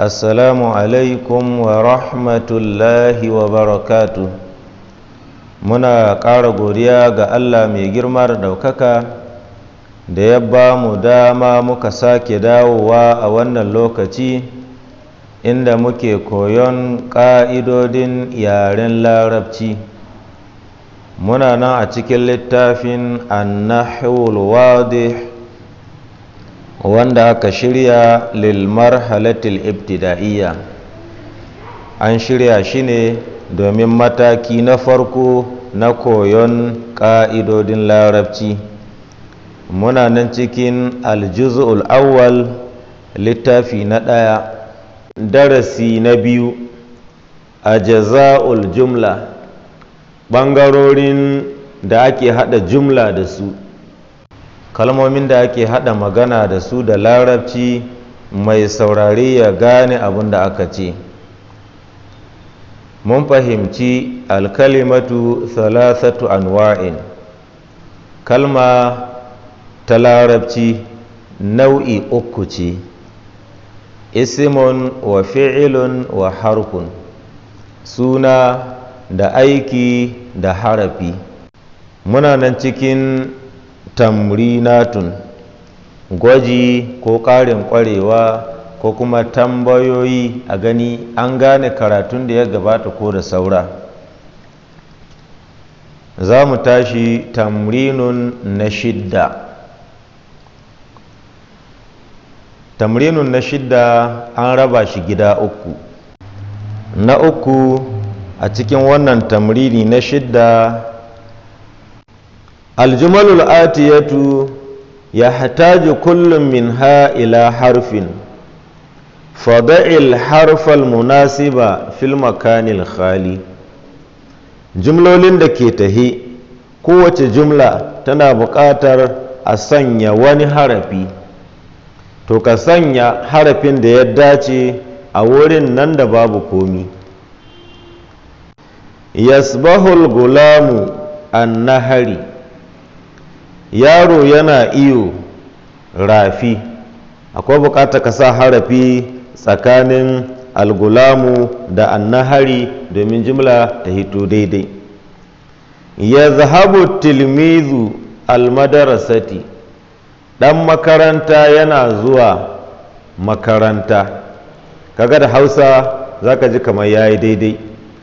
assalamu alaikum wa rahmatullahi wa barakatu muna ƙara godiya ga allah mai girma da ɗaukaka da ya ba mu dama muka sake dawowa a wannan lokaci inda muke koyon ƙa'idodin yaren larabci muna nan a cikin littafin annahul wadih wanda aka shirya lilmar halatil ibtida'iyya an shirya shi ne domin mataki na farko na koyon ƙa'idodin larabci muna nan cikin aljuzu'ul awwal littafi na ɗaya darasi na biyu a jaza'ul jumla ɓangarorin da ake haɗa jumla da su kalmomin da ake haɗa magana da su da larabci mai saurari ya gane abin da aka ce mun fahimci alkalimatu salasatu anwa'in kalma ta larabci nau'i uku ce isimun wa fi'ilun wa harkun suna da aiki da harafi muna nan cikin tamrinatun gwaji ko ƙarin ƙwarewa ko kuma tambayoyi a gani an gane karatun da ya gabata ko da saura za mu tashi tamrinun na shidda tamrinun na shidda an raba shi gida uku na uku a cikin wannan tamrini na shidda aljumalul atiyatu ya hataji kullum min ha ila harfin fada'il harfal munasiba fil makanil khali jumlolin da ke tahi kowace jumla tana buƙatar a sanya wani harafi to ka sanya harafin da ya dace a wurin nan da babu komi yasbahul gulamu an nahari yaro yana iyo rafi akwai bukata ka sa harafi tsakanin algulamu da annahari domin jimla ta hito daidai ya zahabu tilmizu almadarasati Dan makaranta yana zuwa makaranta kaga da hausa za ka ji kamar ya yi daidai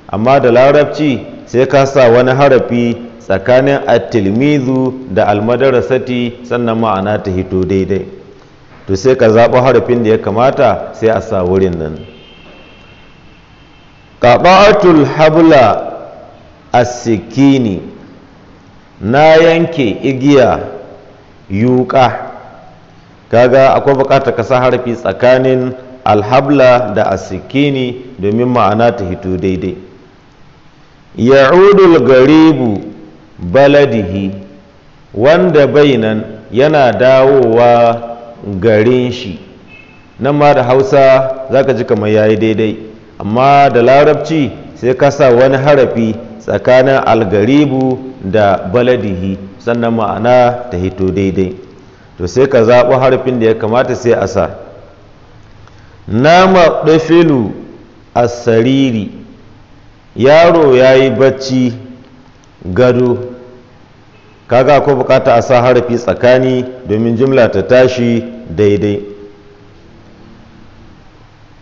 amma da larabci sai ka sa wani harafi tsakanin at-tilmizu da almadarasati sannan ma'ana ta hito daidai to sai ka zaɓi harafin da ya kamata sai a sa wurin nan ƙaɓa'atul habla sikini na yanke igiya yuƙa kaga akwai buƙatar ka sa harafi tsakanin alhabla da asikini domin ma'ana ta hito daidai udul garibu baladihi wanda bai nan yana dawowa garin shi nan ma da hausa za ka ji kamar ya yi daidai amma da larabci sai ka sa wani harafi tsakanin algaribu da baladihi sannan ma'ana ta hito daidai to sai ka zaɓi harafin da ya kamata sai a sa nama maɗafilu a sariri yaro ya yi bacci gado kaga akwai bukata a sa harafi tsakani domin jimla ta tashi daidai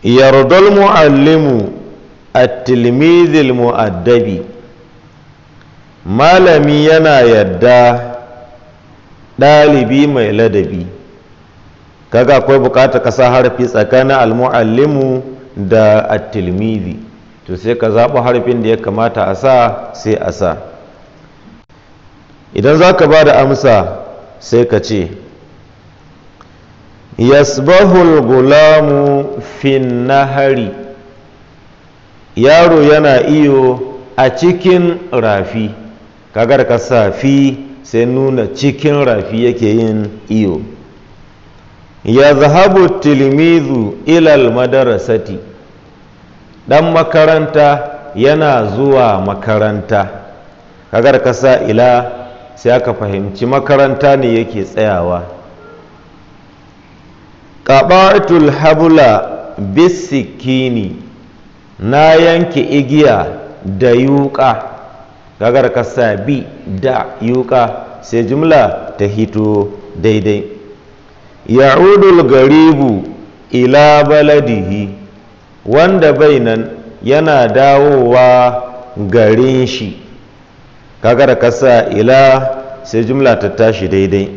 yardal mu'allimu at-tilmidhil mu'addabi malami yana yadda ɗalibi mai ladabi kaga akwai bukata ka sa harafi tsakanin al-mu'allimu da at-tilmidhi to sai ka zaɓi harfin da ya kamata a sa sai a sa idan za ka ba da amsa sai ka ce yasbahul gulamu fin nahari yaro yana iyo a cikin rafi kagar ka sa fi sai nuna cikin rafi yake yin iyo ya zahabu tilmizu ilal madarasati Dan makaranta yana zuwa makaranta kagar kasa ila sai aka fahimci makaranta ne yake tsayawa ƙaɓatul habula bisikini na yanke igiya da yuƙa kagar kasa bi da yuƙa sai jumla ta hito daidai ya'udul garibu ila baladihi wanda bai nan yana dawowa garin shi kaga da kasa ila sai jumla ta tashi daidai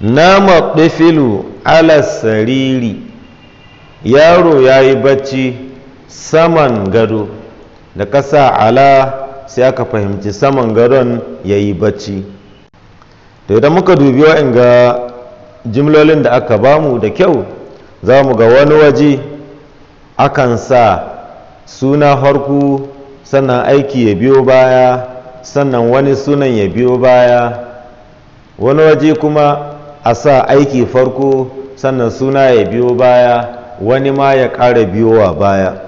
nama ɗifilu ala sariri yaro ya yi bacci saman gado da kasa ala sai aka fahimci saman gadon ya yi bacci to idan muka dubi wa'in ga jimlolin da aka bamu da kyau za mu ga wani waje akan sa suna farko sannan aiki ya biyo baya sannan wani sunan ya biyo baya wani waje kuma a sa aiki farko sannan suna ya biyo baya wani ma ya ƙara biyowa baya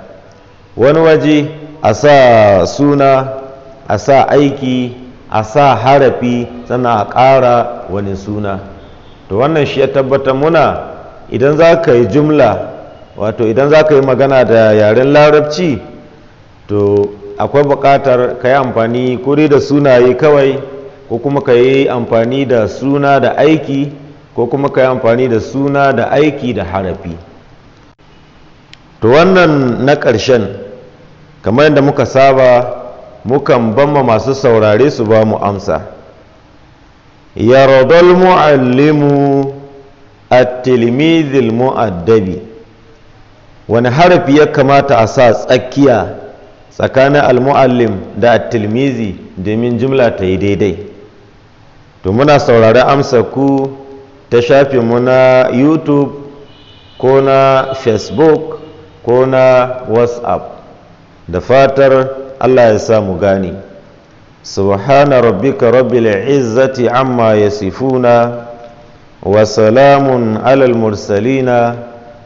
wani waje a sa suna a sa aiki a sa harafi sannan a ƙara wani suna to wannan shi ya tabbata muna idan za ka yi jumla wato idan za ka yi magana da yaren larabci to akwai buƙatar ka yi amfani kuri da sunaye kawai ko kuma ka yi amfani da suna da aiki ko kuma ka yi amfani da suna da aiki da harafi to wannan na ƙarshen kamar yadda muka saba mukan bamma masu saurare su ba mu amsa yaradol mu'allimu a tilmidhil mu'addabi wani harafi ya kamata a sa tsakiya tsakanin almu'allim da at-tilmizi domin jumla ta yi daidai to muna saurari amsa ku ta shafi na youtube ko na facebook ko na whatsapp da fatar allah ya samu gani subhana rabbika rabbi izzati amma sifuna. wa salamun alal mursalina